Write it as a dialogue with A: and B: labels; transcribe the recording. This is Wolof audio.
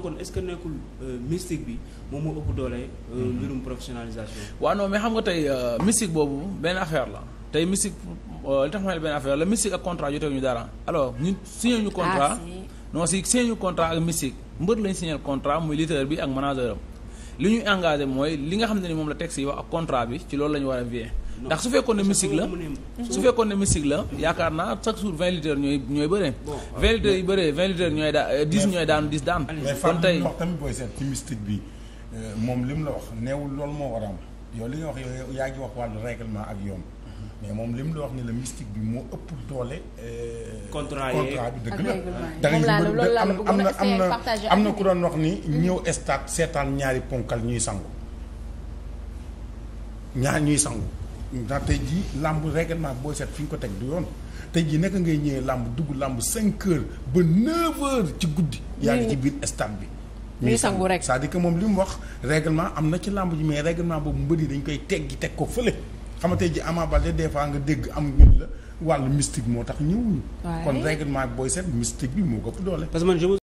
A: kon est-ce que nekkul euh, mystique bi moom moo ëpp doole euh, mm-hmm. mbirum professionalisation waaw non mais xam nga tey euh, mystique boobu benn affaire la tey mystique li tax ma ne benn affaire la mystique ak contrat jotee ñu dara alors ñun signé ñu contrat. Ah, noo si signé ñu contrat ak mystique mbër lañ signé contrat muy lutteur bi ak manager li ñuy engage mooy li nga xam ne ni moom la teg si wax ak contrat bi ci loolu la ñu war a ndax su fekkoon ne mystique la su fekkoon ne mystique la yaakaar naa chaque jour vingt litres ñooy ñooy bëree euh, vingt litres yi bëree vingt litres ñooy daa euh, dix ñooy daan dix daan kon tey wax
B: tamit booy seet ci mystique bi euh, moom li mu la wax neewul loolu moo war a am li nga wax yow yaa ngi wax wàllu règlement ak yoon mais moom li mu la wax ni la mystique bi moo ëpp doole. contrat bi dëgg la da ngay am na am na am na ku doon wax ni mm-hmm. ñëw stade seetaan ñaari ponkal ñuy sangu ñuy sangu. ndax tey jii làmb règlement booy seet fi ñu ko teg du yoon tey jii naka ngay ñëwee làmb dugg làmb cinq heures ba neuf heures ci guddi. Mm. yaa ngi ci biir stade bi. ñuy sangu rek c'est-à-dire moom li mu wax règlement am na ci làmb ji mais règlement boobu mbëri dañ koy teggi teg ko fële xam nga tey jii Ama Baldé des fois nga dégg am ñu la wàllu mystique moo tax ñëwuñu. kon règlement booy set mystique bi moo ko ëpp doole.